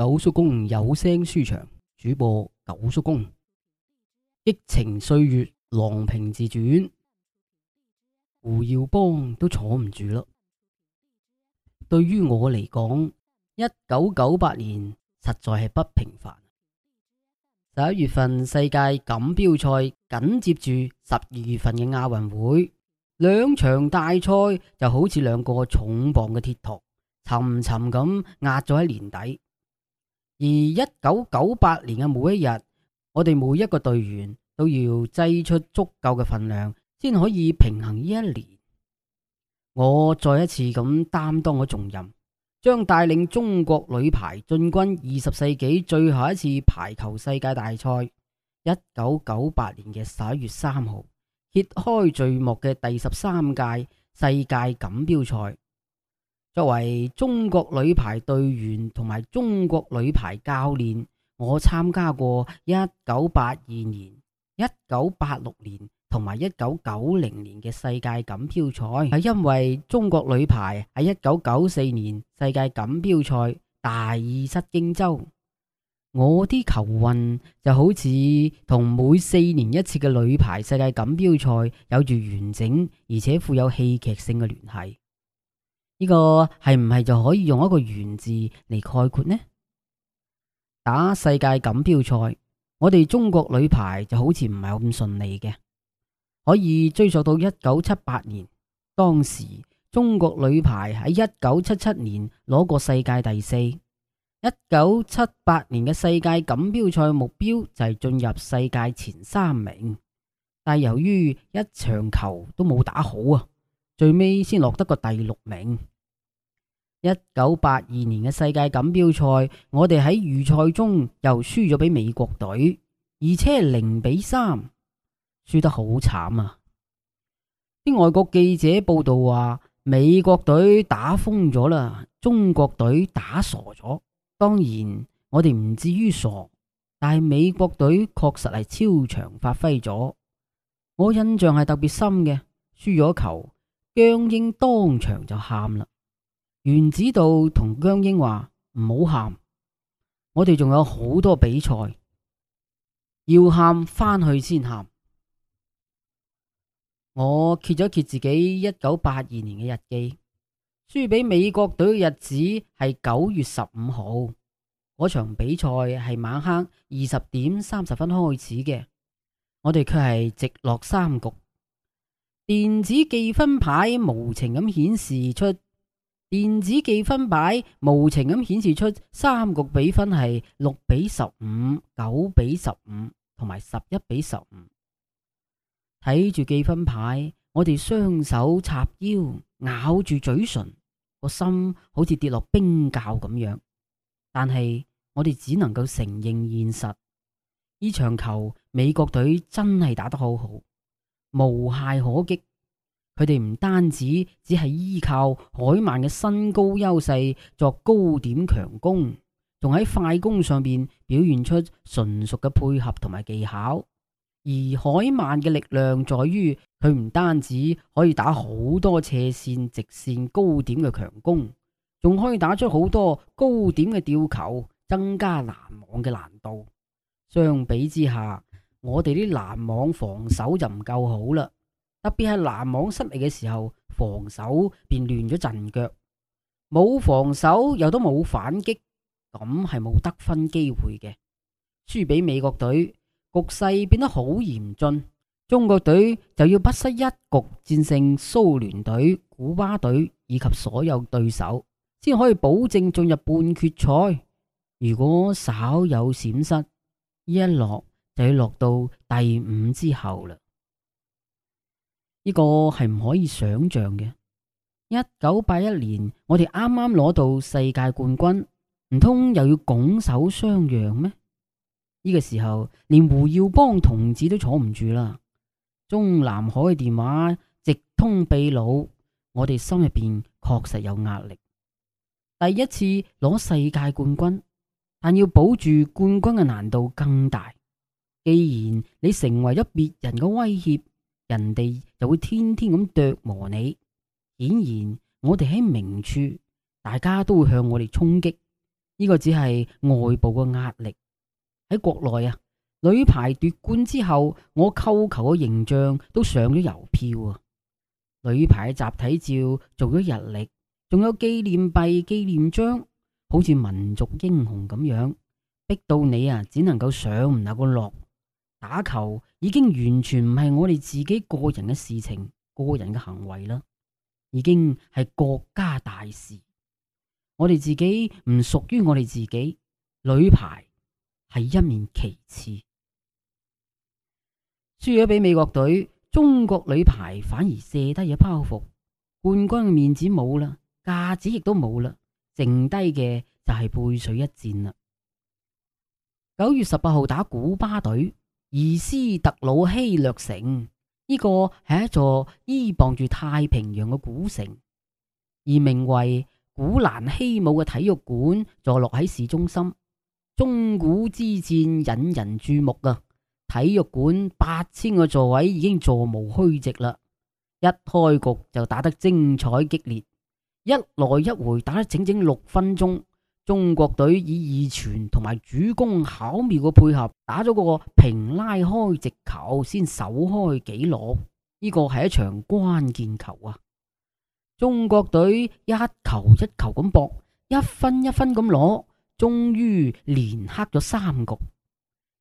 九叔公有聲書場，主播九叔公，激情歲月郎平自傳，胡耀邦都坐唔住啦。對於我嚟講，一九九八年實在係不平凡。十一月份世界錦標賽，緊接住十二月份嘅亞運會，兩場大賽就好似兩個重磅嘅鐵托，沉沉咁壓咗喺年底。而一九九八年嘅每一日，我哋每一個隊員都要擠出足夠嘅份量，先可以平衡呢一年。我再一次咁擔當嘅重任，將帶領中國女排進軍二十世紀最後一次排球世界大賽。一九九八年嘅十一月三號，揭開序幕嘅第十三屆世界錦標賽。作為中國女排隊員同埋中國女排教練，我參加過一九八二年、一九八六年同埋一九九零年嘅世界錦標賽，係因為中國女排喺一九九四年世界錦標賽大意失荊州，我啲球運就好似同每四年一次嘅女排世界錦標賽有住完整而且富有戲劇性嘅聯繫。呢個係唔係就可以用一個圓字嚟概括呢？打世界錦標賽，我哋中國女排就好似唔係咁順利嘅。可以追溯到一九七八年，當時中國女排喺一九七七年攞過世界第四，一九七八年嘅世界錦標賽目標就係進入世界前三名，但由於一場球都冇打好啊。最尾先落得個第六名。一九八二年嘅世界錦標賽，我哋喺預賽中又輸咗俾美國隊，而且零比三，輸得好慘啊！啲外國記者報道話，美國隊打瘋咗啦，中國隊打傻咗。當然，我哋唔至於傻，但係美國隊確實係超常發揮咗。我印象係特別深嘅，輸咗球。姜英當場就喊啦，原子道，同姜英話唔好喊，我哋仲有好多比賽，要喊翻去先喊。我揭咗揭自己一九八二年嘅日記，輸俾美國隊嘅日子係九月十五號，嗰場比賽係晚黑二十點三十分開始嘅，我哋卻係直落三局。電子記分牌無情咁顯示出，電子記分牌無情咁顯示出三局比分係六比十五、九比十五同埋十一比十五。睇住記分牌，我哋雙手插腰，咬住嘴唇，個心好似跌落冰窖咁樣。但係我哋只能夠承認現實，呢場球美國隊真係打得好好。無懈可擊，佢哋唔單止只係依靠海曼嘅身高優勢作高點強攻，仲喺快攻上面表現出純熟嘅配合同埋技巧。而海曼嘅力量在於佢唔單止可以打好多斜綫、直綫、高點嘅強攻，仲可以打出好多高點嘅吊球，增加攔網嘅難度。相比之下，我哋啲攔網防守就唔夠好啦，特別係攔網失利嘅時候，防守便亂咗陣腳，冇防守又都冇反擊，咁係冇得分機會嘅。輸俾美國隊，局勢變得好嚴峻，中國隊就要不失一局戰勝蘇聯隊、古巴隊以及所有對手，先可以保證進入半決賽。如果稍有閃失，一落。就要落到第五之後啦，呢個係唔可以想象嘅。一九八一年我哋啱啱攞到世界冠軍，唔通又要拱手相讓咩？呢個時候連胡耀邦同志都坐唔住啦。中南海嘅電話直通秘魯，我哋心入邊確實有壓力。第一次攞世界冠軍，但要保住冠軍嘅難度更大。既然你成為咗別人嘅威脅，人哋就會天天咁琢磨你。顯然我哋喺明處，大家都會向我哋衝擊。呢個只係外部嘅壓力。喺國內啊，女排奪冠之後，我扣球嘅形象都上咗郵票啊。女排集體照做咗日曆，仲有紀念幣、紀念章，好似民族英雄咁樣，逼到你啊，只能夠上唔能夠落。打球已經完全唔係我哋自己個人嘅事情，個人嘅行為啦，已經係國家大事。我哋自己唔屬於我哋自己，女排係一面旗幟。輸咗俾美國隊，中國女排反而卸低咗包袱，冠軍嘅面子冇啦，架子亦都冇啦，剩低嘅就係背水一戰啦。九月十八號打古巴隊。而斯特魯希略城呢、這個係一座依傍住太平洋嘅古城，而名為古蘭希姆嘅體育館坐落喺市中心。中古之戰引人注目啊！體育館八千個座位已經座無虛席啦，一開局就打得精彩激烈，一來一回打得整整六分鐘。中國隊以二傳同埋主攻巧妙嘅配合，打咗個平拉開直球，先首開紀錄。呢、這個係一場關鍵球啊！中國隊一球一球咁搏，一分一分咁攞，終於連克咗三局。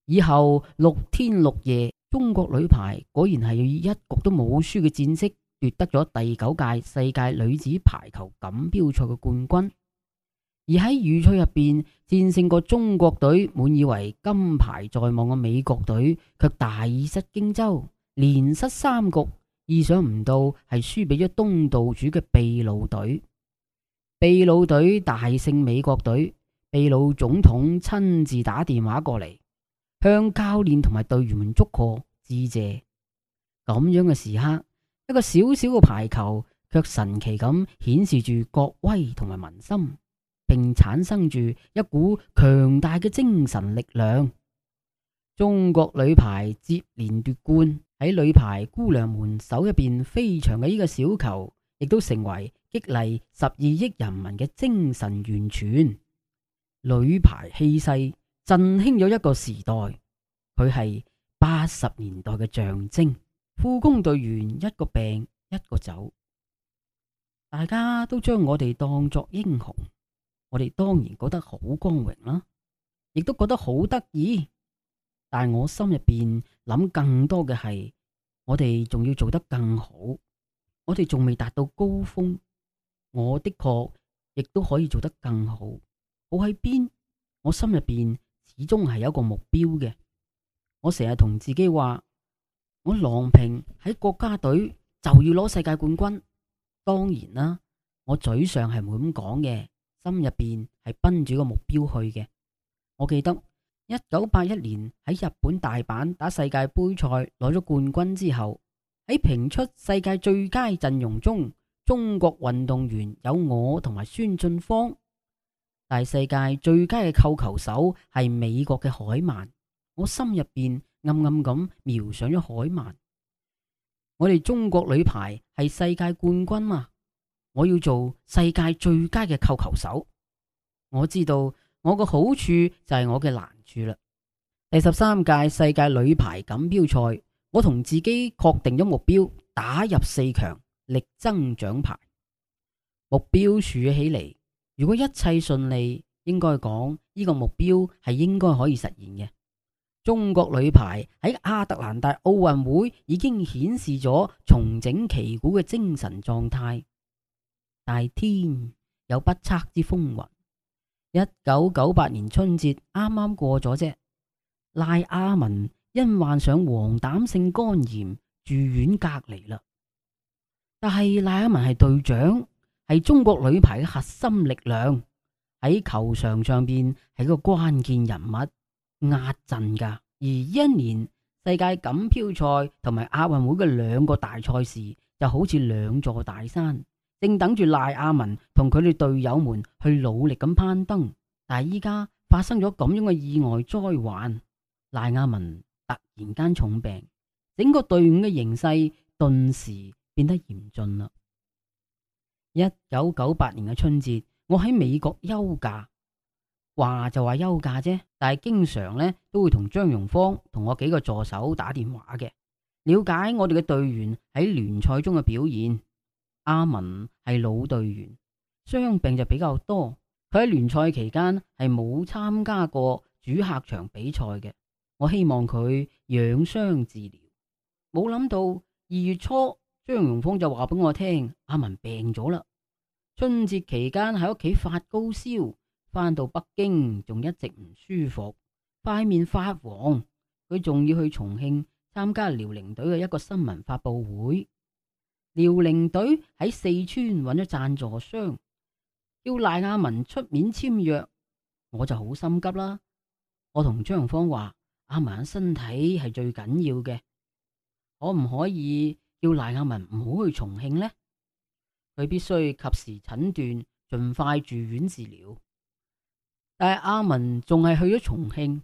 以後六天六夜，中國女排果然係以一局都冇輸嘅戰績，奪得咗第九屆世界女子排球錦標賽嘅冠軍。而喺預賽入邊，戰勝過中國隊，滿以為金牌在望嘅美國隊，卻大失荊州，連失三局，意想唔到係輸俾咗東道主嘅秘魯隊。秘魯隊大勝美國隊，秘魯總統親自打電話過嚟，向教練同埋隊員們祝賀致謝。咁樣嘅時刻，一個小小嘅排球，卻神奇咁顯示住國威同埋民心。並產生住一股強大嘅精神力量。中國女排接連奪冠，喺女排姑娘們手入邊飛翔嘅呢個小球，亦都成為激勵十二億人民嘅精神源泉。女排氣勢振興咗一個時代，佢係八十年代嘅象徵。副攻隊員一個病一個走，大家都將我哋當作英雄。我哋當然覺得好光榮啦、啊，亦都覺得好得意。但係我心入邊諗更多嘅係，我哋仲要做得更好。我哋仲未達到高峰，我的確亦都可以做得更好。好喺邊？我心入邊始終係有一個目標嘅。我成日同自己話，我郎平喺國家隊就要攞世界冠軍。當然啦、啊，我嘴上係唔會咁講嘅。心入邊係奔住個目標去嘅。我記得一九八一年喺日本大阪打世界杯賽，攞咗冠軍之後，喺評出世界最佳陣容中，中國運動員有我同埋孫晉芳，但世界最佳嘅扣球手係美國嘅海曼。我心入邊暗暗咁瞄上咗海曼。我哋中國女排係世界冠軍嘛？我要做世界最佳嘅扣球手。我知道我個好處就係我嘅難處啦。第十三屆世界女排錦標賽，我同自己確定咗目標，打入四強，力爭獎牌。目標豎起嚟，如果一切順利，應該講呢個目標係應該可以實現嘅。中國女排喺亞特蘭大奧運會已經顯示咗重整旗鼓嘅精神狀態。大天有不測之風雲。一九九八年春節啱啱過咗啫，賴亞文因患上黃疸性肝炎住院隔離啦。但係賴亞文係隊長，係中國女排嘅核心力量，喺球場上邊係一個關鍵人物，壓陣噶。而一年世界錦標賽同埋亞運會嘅兩個大賽事，就好似兩座大山。正等住賴亞文同佢哋隊友們去努力咁攀登，但係依家發生咗咁樣嘅意外災患，賴亞文突然間重病，整個隊伍嘅形勢頓時變得嚴峻啦。一九九八年嘅春節，我喺美國休假，話就話休假啫，但係經常咧都會同張榮芳同我幾個助手打電話嘅，了解我哋嘅隊員喺聯賽中嘅表現。阿文係老隊員，傷病就比較多。佢喺聯賽期間係冇參加過主客場比賽嘅。我希望佢養傷治療。冇諗到二月初，張榮峰就話俾我聽，阿文病咗啦。春節期間喺屋企發高燒，返到北京仲一直唔舒服，塊面發黃。佢仲要去重慶參加遼寧隊嘅一個新聞發布會。遼寧隊喺四川揾咗贊助商，要賴亞文出面簽約，我就好心急啦。我同張芳話：阿文嘅身體係最緊要嘅，可唔可以叫賴亞文唔好去重慶呢？佢必須及時診斷，盡快住院治療。但係阿文仲係去咗重慶。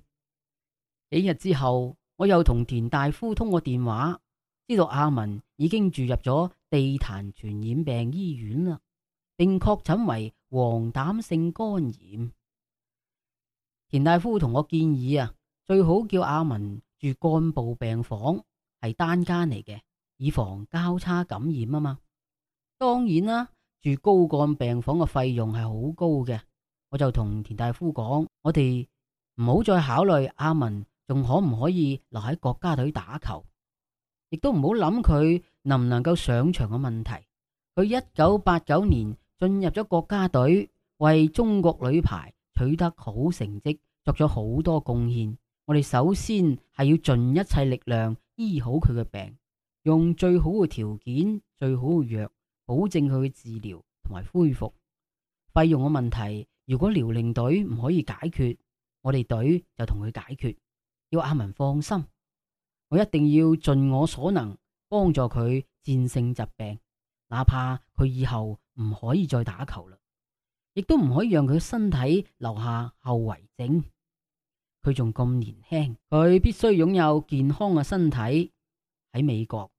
幾日之後，我又同田大夫通過電話，知道阿文已經住入咗。地壇傳染病醫院啦，並確診為黃疸性肝炎。田大夫同我建議啊，最好叫阿文住幹部病房，係單間嚟嘅，以防交叉感染啊嘛。當然啦，住高幹病房嘅費用係好高嘅，我就同田大夫講，我哋唔好再考慮阿文仲可唔可以留喺國家隊打球，亦都唔好諗佢，能唔能夠上場嘅問題，佢一九八九年進入咗國家隊，為中國女排取得好成績，作咗好多貢獻。我哋首先係要盡一切力量醫好佢嘅病，用最好嘅條件、最好嘅藥，保證佢嘅治療同埋恢復。費用嘅問題，如果遼寧隊唔可以解決，我哋隊就同佢解決。要阿文放心，我一定要盡我所能。幫助佢戰勝疾病，哪怕佢以後唔可以再打球啦，亦都唔可以讓佢身體留下後遺症。佢仲咁年輕，佢必須擁有健康嘅身體。喺美國，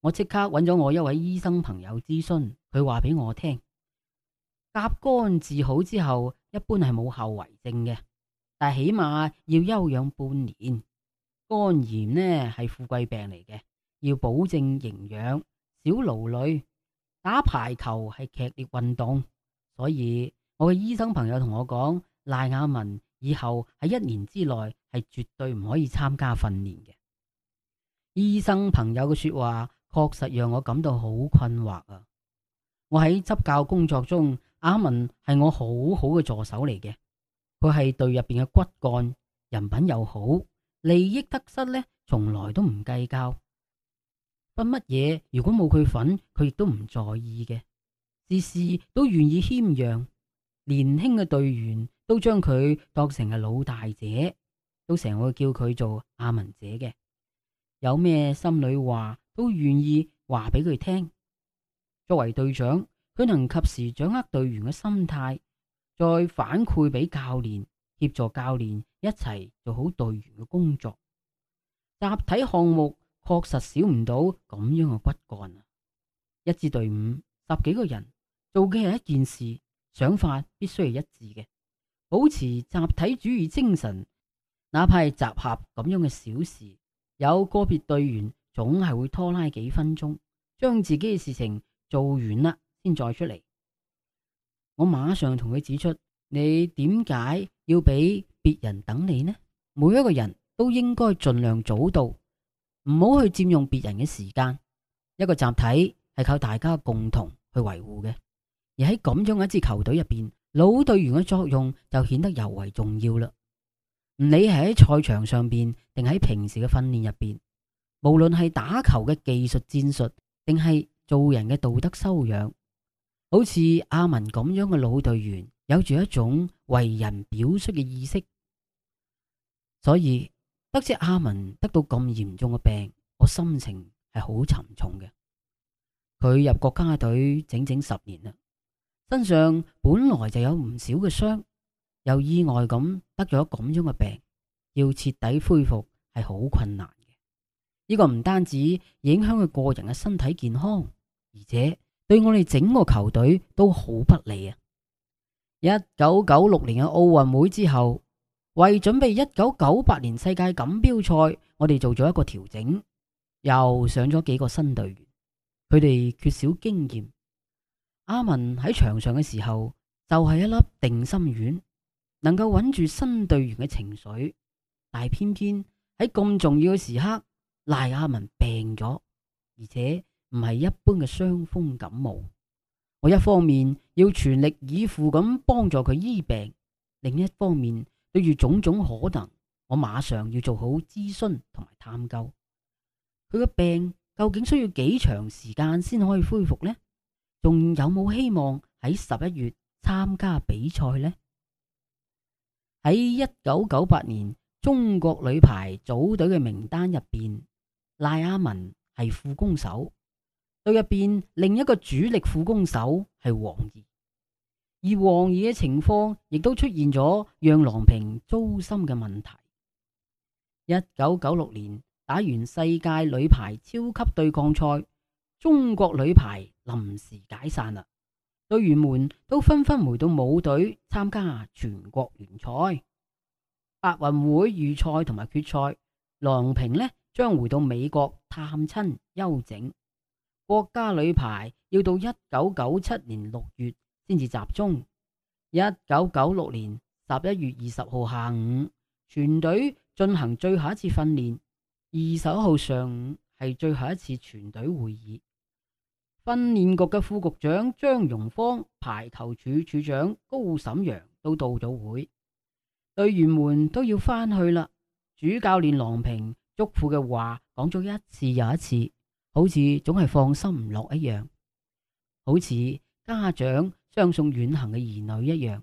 我即刻揾咗我一位醫生朋友諮詢，佢話俾我聽，甲肝治好之後一般係冇後遺症嘅，但係起碼要休養半年。肝炎呢係富貴病嚟嘅。要保證營養，少勞累，打排球係劇烈運動，所以我嘅醫生朋友同我講，賴亞文以後喺一年之內係絕對唔可以參加訓練嘅。醫生朋友嘅說話確實讓我感到好困惑啊！我喺執教工作中，阿文係我好好嘅助手嚟嘅，佢係隊入邊嘅骨幹，人品又好，利益得失呢從來都唔計較。不乜嘢，如果冇佢份，佢亦都唔在意嘅，事事都願意謙讓。年輕嘅隊員都將佢當成係老大姐，都成日會叫佢做阿文姐嘅。有咩心裏話都願意話俾佢聽。作為隊長，佢能及時掌握隊員嘅心態，再反饋俾教練，協助教練一齊做好隊員嘅工作。集體項目，確實少唔到咁樣嘅骨幹啊！一支隊伍，十幾個人做嘅係一件事，想法必須係一致嘅，保持集體主義精神。哪怕係集合咁樣嘅小事，有個別隊員總係會拖拉幾分鐘，將自己嘅事情做完啦，先再出嚟。我馬上同佢指出：你點解要俾別人等你呢？每一個人都應該盡量早到。唔好去佔用別人嘅時間。一個集體係靠大家共同去維護嘅。而喺咁樣嘅一支球隊入邊，老隊員嘅作用就顯得尤為重要啦。唔理係喺賽場上邊，定喺平時嘅訓練入邊，無論係打球嘅技術戰術，定係做人嘅道德修養，好似阿文咁樣嘅老隊員，有住一種為人表率嘅意識，所以。得知阿文得到咁嚴重嘅病，我心情係好沉重嘅。佢入國家隊整整十年啦，身上本來就有唔少嘅傷，又意外咁得咗咁樣嘅病，要徹底恢復係好困難嘅。呢個唔單止影響佢個人嘅身體健康，而且對我哋整個球隊都好不利啊！一九九六年嘅奧運會之後。為準備一九九八年世界錦標賽，我哋做咗一個調整，又上咗幾個新隊員。佢哋缺少經驗。阿文喺場上嘅時候就係一粒定心丸，能夠穩住新隊員嘅情緒。但係偏偏喺咁重要嘅時刻，賴阿文病咗，而且唔係一般嘅傷風感冒。我一方面要全力以赴咁幫助佢醫病，另一方面。對住種種可能，我馬上要做好諮詢同埋探究。佢個病究竟需要幾長時間先可以恢復呢？仲有冇希望喺十一月參加比賽呢？喺一九九八年，中國女排組隊嘅名單入邊，賴亞文係副攻手，隊入邊另一個主力副攻手係王燕。而王嘅情況亦都出現咗讓郎平糟心嘅問題。一九九六年打完世界女排超級對抗賽，中國女排臨時解散啦，隊員們都紛紛回到母隊參加全國聯賽、八運會預賽同埋決賽。郎平呢將回到美國探親休整，國家女排要到一九九七年六月。先至集中。一九九六年十一月二十號下午，全隊進行最後一次訓練。二十一號上午係最後一次全隊會議。訓練局嘅副局長張榮芳、排球處處長高沈陽都到咗會。隊員們都要翻去啦。主教練郎平囑咐嘅話講咗一次又一次，好似總係放心唔落一樣，好似家長，像送遠行嘅兒女一樣，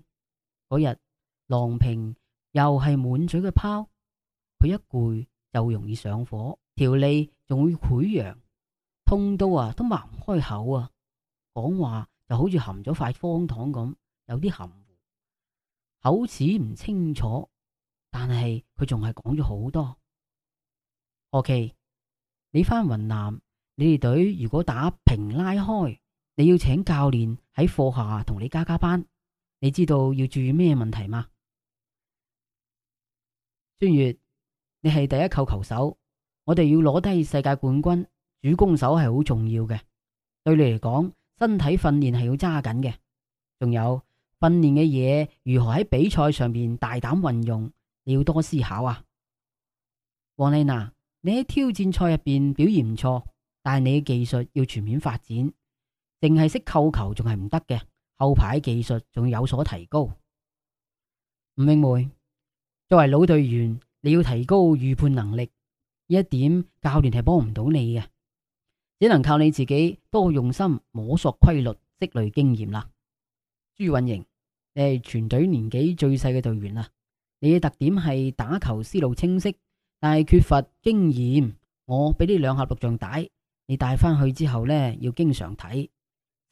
嗰日郎平又係滿嘴嘅泡，佢一攰就容易上火，條脷仲會潰瘍，痛到啊都擘唔開口啊，講話就好似含咗塊方糖咁，有啲含糊，口齒唔清楚，但係佢仲係講咗好多。OK，你翻雲南，你哋隊如果打平拉開，你要請教練。喺課下同你加加班，你知道要注意咩問題嗎？孫玥，你係第一扣球手，我哋要攞低世界冠軍，主攻手係好重要嘅。對你嚟講，身體訓練係要揸緊嘅，仲有訓練嘅嘢如何喺比賽上邊大膽運用，你要多思考啊。王麗娜，你喺挑戰賽入邊表現唔錯，但係你嘅技術要全面發展。淨係識扣球仲係唔得嘅，後排技術仲要有所提高。吳明梅作為老隊員，你要提高預判能力，呢一點教練係幫唔到你嘅，只能靠你自己多用心摸索規律，積累經驗啦。朱運瑩，你係全隊年紀最細嘅隊員啦，你嘅特點係打球思路清晰，但係缺乏經驗。我俾呢兩盒錄像帶，你帶翻去之後呢，要經常睇。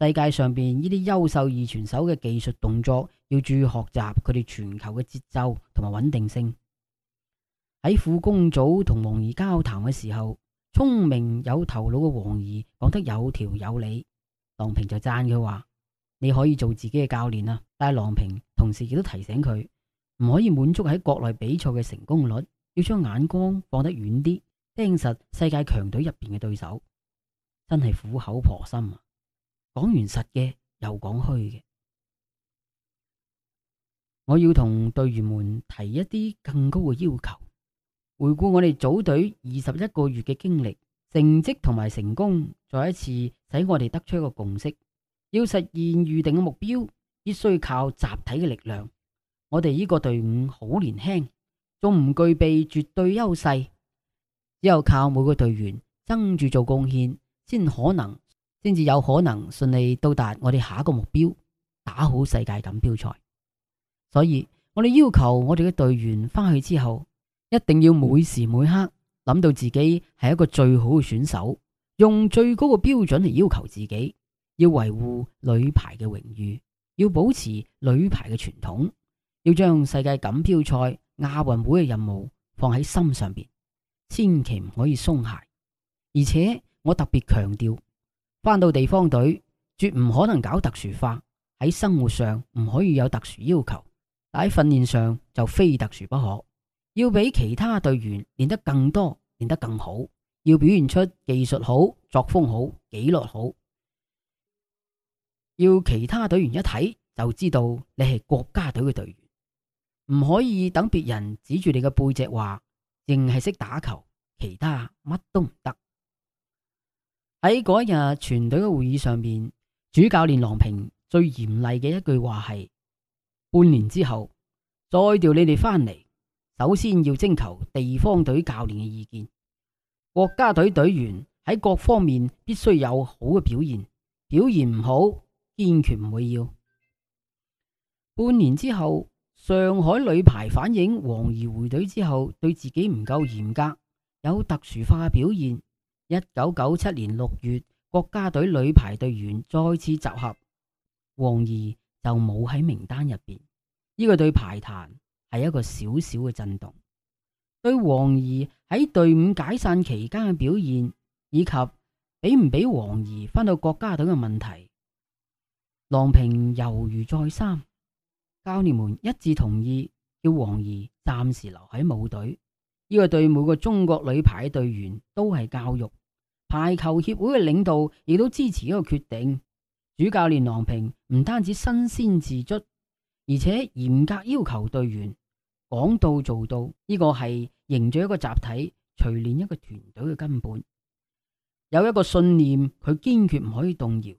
世界上邊呢啲優秀二傳手嘅技術動作，要注意學習佢哋傳球嘅節奏同埋穩定性。喺副攻組同王怡交談嘅時候，聰明有頭腦嘅王怡講得有條有理。郎平就讚佢話：，你可以做自己嘅教練啊！但係郎平同時亦都提醒佢，唔可以滿足喺國內比賽嘅成功率，要將眼光放得遠啲，盯實世界強隊入邊嘅對手。真係苦口婆心啊！講完實嘅，又講虛嘅，我要同隊員們提一啲更高嘅要求。回顧我哋組隊二十一個月嘅經歷、成績同埋成功，再一次使我哋得出一個共識：要實現預定嘅目標，必須靠集體嘅力量。我哋呢個隊伍好年輕，仲唔具備絕對優勢，只有靠每個隊員爭住做貢獻，先可能。先至有可能順利到達我哋下一個目標，打好世界錦標賽。所以我哋要求我哋嘅隊員翻去之後，一定要每時每刻諗到自己係一個最好嘅選手，用最高嘅標準嚟要求自己，要維護女排嘅榮譽，要保持女排嘅傳統，要將世界錦標賽、亞運會嘅任務放喺心上邊，千祈唔可以鬆懈。而且我特別強調。翻到地方隊，絕唔可能搞特殊化。喺生活上唔可以有特殊要求，但喺訓練上就非特殊不可。要比其他隊員練得更多，練得更好，要表現出技術好、作風好、紀律好，要其他隊員一睇就知道你係國家隊嘅隊員。唔可以等別人指住你嘅背脊話，淨係識打球，其他乜都唔得。喺嗰一日全隊嘅會議上面，主教練郎平最嚴厲嘅一句話係：半年之後再調你哋翻嚟，首先要徵求地方隊教練嘅意見。國家隊隊員喺各方面必須有好嘅表現，表現唔好堅決唔會要。半年之後，上海女排反映王怡回隊之後，對自己唔夠嚴格，有特殊化嘅表現。一九九七年六月，國家隊女排隊員再次集合，王怡就冇喺名單入邊。呢、這個對排壇係一個小小嘅震動。對王怡喺隊伍解散期間嘅表現，以及俾唔俾王怡返到國家隊嘅問題，郎平猶豫再三，教練們一致同意叫王怡暫時留喺舞隊。呢、這個對每個中國女排隊員都係教育。排球協會嘅領導亦都支持呢個決定。主教練郎平唔單止身先士卒，而且嚴格要求隊員講到做到。呢、呢個係凝聚一個集體、錘煉一個團隊嘅根本。有一個信念，佢堅決唔可以動搖。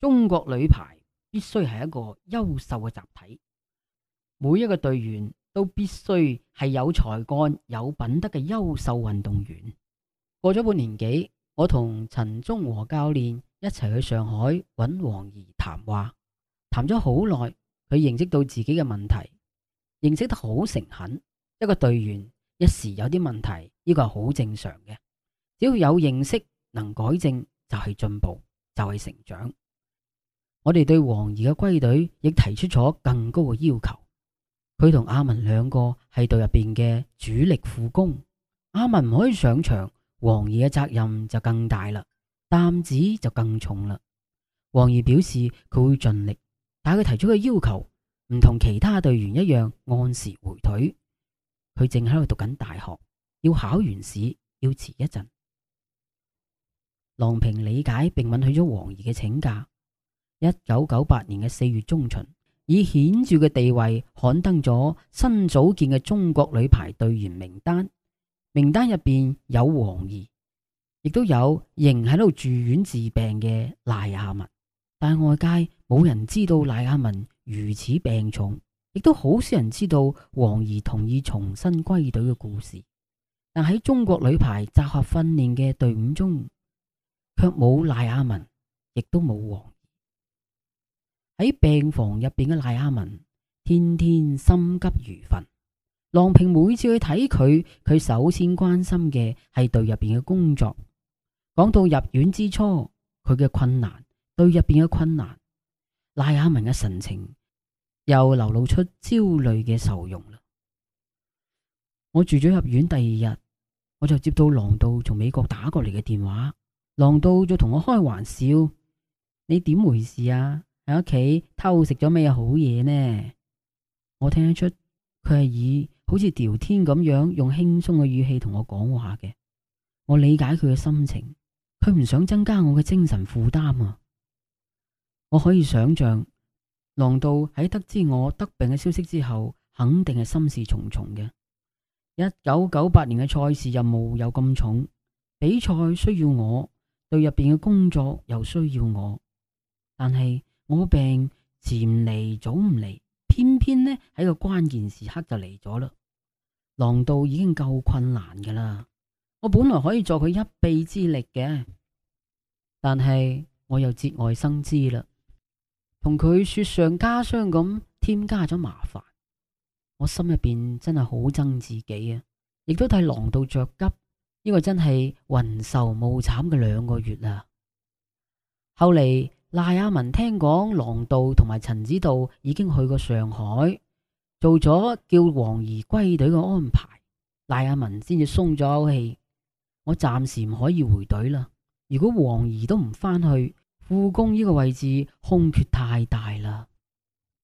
中國女排必須係一個優秀嘅集體，每一個隊員都必須係有才幹、有品德嘅優秀運動員。過咗半年幾。我同陳忠和教練一齊去上海揾王怡談話，談咗好耐，佢認識到自己嘅問題，認識得好誠懇。一個隊員一時有啲問題，呢個係好正常嘅，只要有認識，能改正就係進步，就係成長。我哋對王怡嘅歸隊亦提出咗更高嘅要求。佢同阿文兩個係隊入邊嘅主力副攻，阿文唔可以上場。王儀嘅責任就更大啦，擔子就更重啦。王儀表示佢會盡力，但佢提出嘅要求唔同其他隊員一樣，按時回隊。佢正喺度讀緊大學，要考完試，要遲一陣。郎平理解並允許咗王儀嘅請假。一九九八年嘅四月中旬，以顯著嘅地位刊登咗新組建嘅中國女排隊員名單。名單入邊有王怡，亦都有仍喺度住院治病嘅賴亞文，但外界冇人知道賴亞文如此病重，亦都好少人知道王怡同意重新歸隊嘅故事。但喺中國女排集合訓練嘅隊伍中，卻冇賴亞文，亦都冇王怡。喺病房入邊嘅賴亞文，天天心急如焚。郎平每次去睇佢，佢首先關心嘅係隊入邊嘅工作。講到入院之初，佢嘅困難，隊入邊嘅困難，賴亞文嘅神情又流露出焦慮嘅愁容。我住咗入院第二日，我就接到郎導從美國打過嚟嘅電話。郎導就同我開玩笑：你點回事啊？喺屋企偷食咗咩好嘢呢？我聽得出佢係以。好似聊天咁樣，用輕鬆嘅語氣同我講話嘅。我理解佢嘅心情，佢唔想增加我嘅精神負擔啊！我可以想象，狼道喺得知我得病嘅消息之後，肯定係心事重重嘅。一九九八年嘅賽事任務又咁重，比賽需要我，對入邊嘅工作又需要我，但係我病遲唔嚟，早唔嚟。偏偏呢喺個關鍵時刻就嚟咗啦，郎導已經夠困難噶啦，我本來可以助佢一臂之力嘅，但係我又節外生枝啦，同佢雪上加霜咁添加咗麻煩，我心入邊真係好憎自己啊，亦都替郎導着急，呢個真係雲愁霧慘嘅兩個月啦。後嚟賴亞文聽講，郎導同埋陳子道已經去過上海，做咗叫王怡歸隊嘅安排，賴亞文先至鬆咗口氣。我暫時唔可以回隊啦，如果王怡都唔返去，副攻呢個位置空缺太大啦。